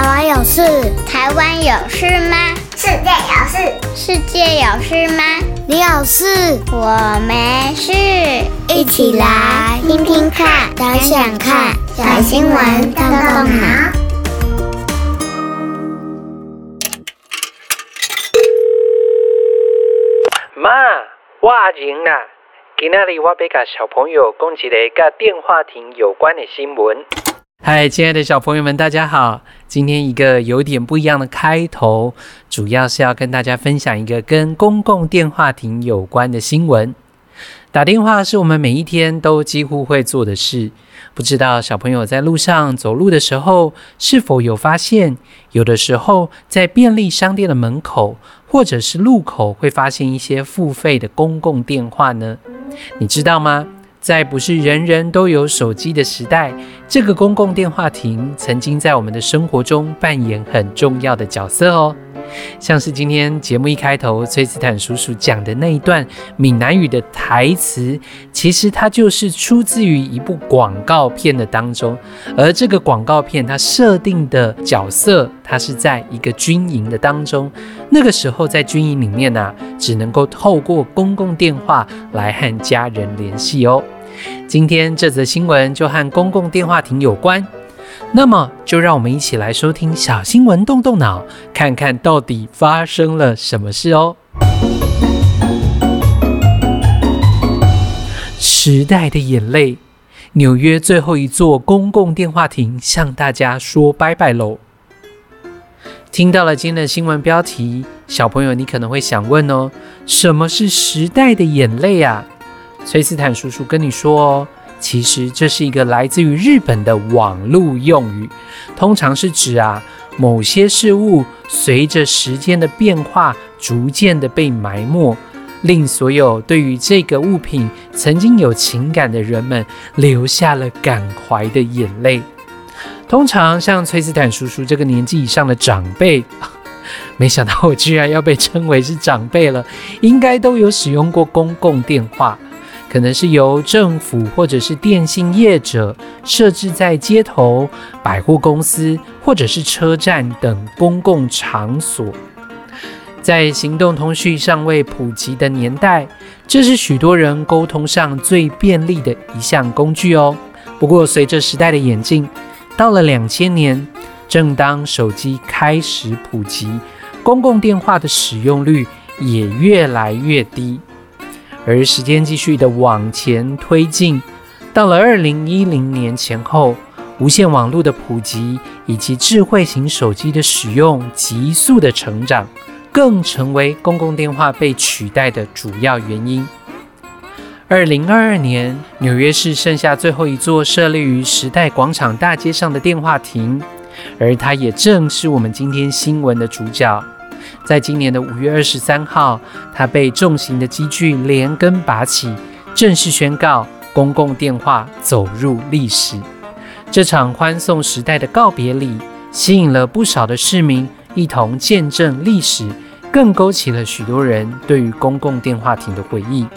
台灣有事？台灣有事嗎？世界有事？世界有事嗎？你有事？我沒事。一起來聽聽看，想想看，小新聞動動腦。媽，我阿靜吶，今仔日我要給小朋友講一個甲電話亭有關的新聞。嗨，Hi, 親愛的小朋友們，大家好！今天一個有點不一樣的開頭，主要是要跟大家分享一個跟公共電話亭有關的新聞。打電話是我們每一天都幾乎會做的事，不知道小朋友在路上走路的時候是否有發現？有的時候在便利商店的門口或者是路口，會發現一些付費的公共電話呢？你知道嗎？在不是人人都有手機的時代，這個公共電話亭曾經在我們的生活中扮演很重要的角色哦。像是今天節目一開頭，崔斯坦叔叔講的那一段閩南語的台詞，其實它就是出自於一部廣告片的當中，而這個廣告片它設定的角色，它是在一個軍營的當中。那個時候在軍營裡面呢、啊，只能夠透過公共電話來和家人聯繫哦。今天這則新聞就和公共電話亭有關，那麼就讓我們一起來收聽小新聞，動動腦，看看到底發生了什麼事哦。時代的眼淚，紐約最後一座公共電話亭向大家說拜拜嘍。聽到了今天的新聞標題，小朋友，你可能會想問哦，什麼是時代的眼淚啊？崔斯坦叔叔跟你說哦，其實這是一個來自於日本的網絡用語，通常是指啊某些事物隨着時間的變化，逐漸的被埋沒，令所有對於這個物品曾經有情感的人們流下了感懷的眼淚。通常像崔斯坦叔叔這個年紀以上的長輩，沒想到我居然要被稱為是長輩了。應該都有使用過公共電話，可能是由政府或者是電信業者設置在街頭、百貨公司或者是車站等公共場所。在行動通訊尚未普及的年代，這是許多人溝通上最便利的一項工具哦。不過隨着時代的演進，到了兩千年，正當手機開始普及，公共電話的使用率也越來越低。而時間繼續的往前推進，到了二零一零年前後，無線網絡的普及以及智慧型手機的使用急速的成長，更成為公共電話被取代的主要原因。二零二二年，紐約市剩下最後一座設立於時代廣場大街上的電話亭，而它也正是我們今天新聞的主角。在今年的五月二十三號，它被重型的機具連根拔起，正式宣告公共電話走入歷史。這場歡送時代的告別禮，吸引了不少的市民一同見證歷史，更勾起了許多人對於公共電話亭的回憶。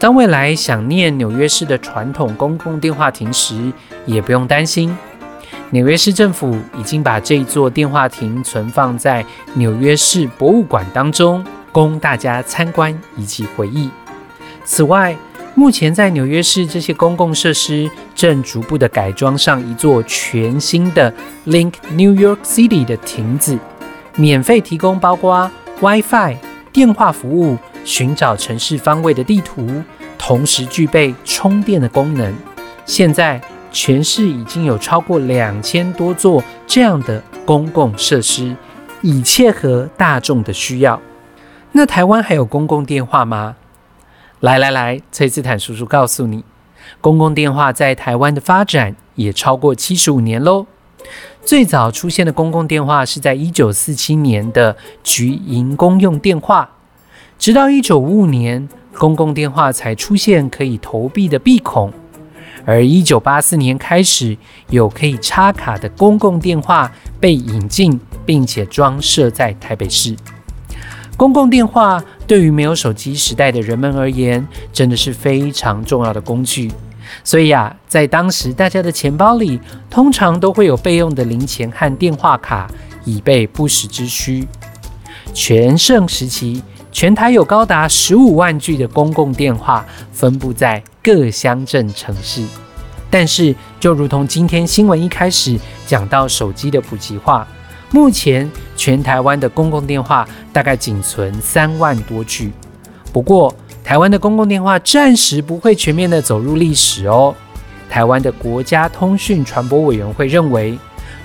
當未來想念紐約市的傳統公共電話亭時，也不用擔心。紐約市政府已經把這一座電話亭存放在紐約市博物館當中，供大家參觀以及回憶。此外，目前在紐約市這些公共設施正逐步的改裝上一座全新的 Link New York City 的亭子，免費提供包括 Wi-Fi、電話服務。尋找城市方位的地圖，同時具備充電的功能，現在全市已經有超過兩千多座這樣的公共設施，以切合大眾的需要。那台灣還有公共電話嗎？來來來，崔斯坦叔叔告訴你，公共電話在台灣的發展也超過七十五年嘍。最早出現的公共電話是在一九四七年的局營公用電話。直到一九五五年，公共電話才出現可以投幣的幣孔。而一九八四年開始，有可以插卡的公共電話被引進，並且裝設在台北市。公共電話對於沒有手機時代的人們而言，真的是非常重要的工具。所以啊，在當時大家的錢包裡，通常都會有備用的零錢和電話卡，以備不時之需。全盛時期。全台有高達十五萬具的公共電話，分布在各鄉鎮城市。但是，就如同今天新聞一開始講到手機的普及化，目前全台灣的公共電話大概僅存三萬多具。不過，台灣的公共電話暫時不會全面的走入歷史哦。台灣的國家通訊傳播委員會認為，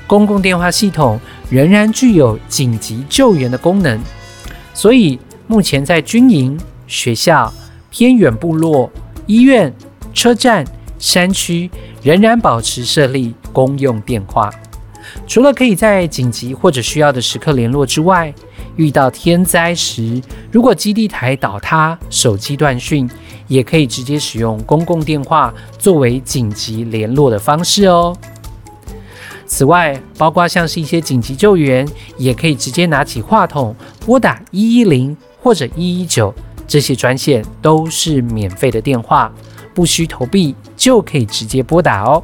公共電話系統仍然具有緊急救援的功能，所以，目前在軍營、學校、偏遠部落、醫院、車站、山區，仍然保持設立公用電話。除了可以在緊急或者需要的時刻聯絡之外，遇到天災時，如果基地台倒塌、手機斷訊，也可以直接使用公共電話作為緊急聯絡的方式哦。此外，包括像是一些緊急救援，也可以直接拿起話筒撥打一一零。或者一一九這些專線都是免費的電話，不需投幣就可以直接撥打哦。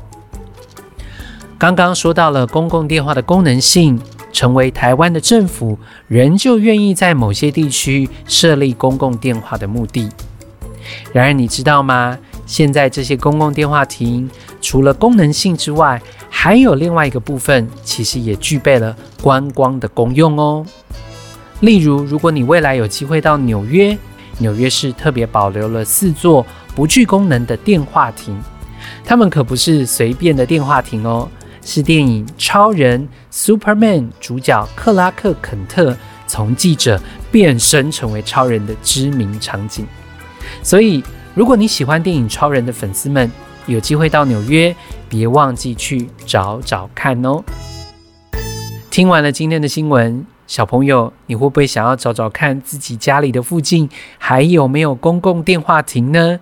剛剛說到了公共電話的功能性，成為台灣的政府仍舊願意在某些地區設立公共電話的目的。然而，你知道嗎？現在這些公共電話亭除了功能性之外，還有另外一個部分，其實也具備了觀光的功用哦。例如，如果你未來有機會到紐約，紐約市特別保留了四座不具功能的電話亭，它們可不是隨便的電話亭哦，是電影《超人》（Superman） 主角克拉克·肯特從記者變身成為超人的知名場景。所以，如果你喜歡電影《超人》的粉絲們，有機會到紐約，別忘記去找找看哦。聽完了今天的新聞。小朋友，你會不會想要找找看自己家裡的附近還有沒有公共電話亭呢？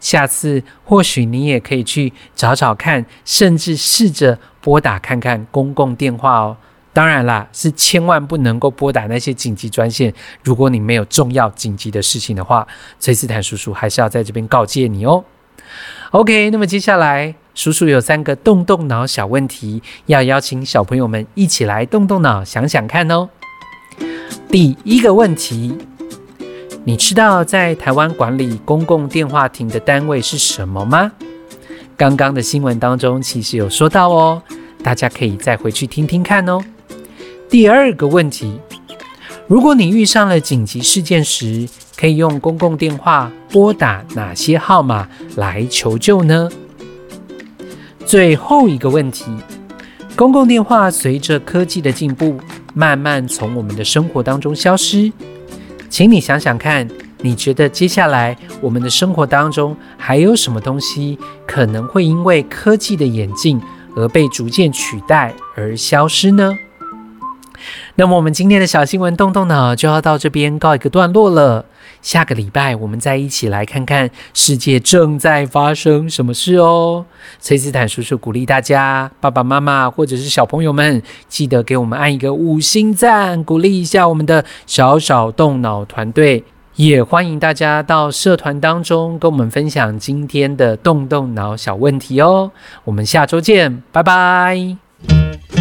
下次或許你也可以去找找看，甚至試着撥打看看公共電話哦。當然啦，是千萬不能夠撥打那些緊急專線。如果你沒有重要緊急的事情的話，崔斯坦叔叔還是要在這邊告誡你哦。OK，那麼接下來叔叔有三個動動腦小問題，要邀請小朋友們一起來動動腦想想看哦。第一個問題，你知道在台灣管理公共電話亭的單位是什麼嗎？剛剛的新聞當中其實有說到哦，大家可以再回去聽聽看哦。第二個問題，如果你遇上了緊急事件時，可以用公共電話撥打哪些號碼來求救呢？最後一個問題，公共電話隨着科技的進步，慢慢從我們的生活當中消失，請你想想看，你覺得接下來我們的生活當中還有什麼東西可能會因為科技的演進而被逐漸取代而消失呢？那麼我們今天的小新聞動動腦就要到這邊告一個段落了。下個禮拜我們再一起來看看世界正在發生什麼事哦。崔斯坦叔叔鼓勵大家，爸爸媽媽或者是小朋友們，記得給我們按一個五星讚，鼓勵一下我們的小小動腦團隊。也歡迎大家到社團當中跟我們分享今天的動動腦小問題哦。我們下周見，拜拜。嗯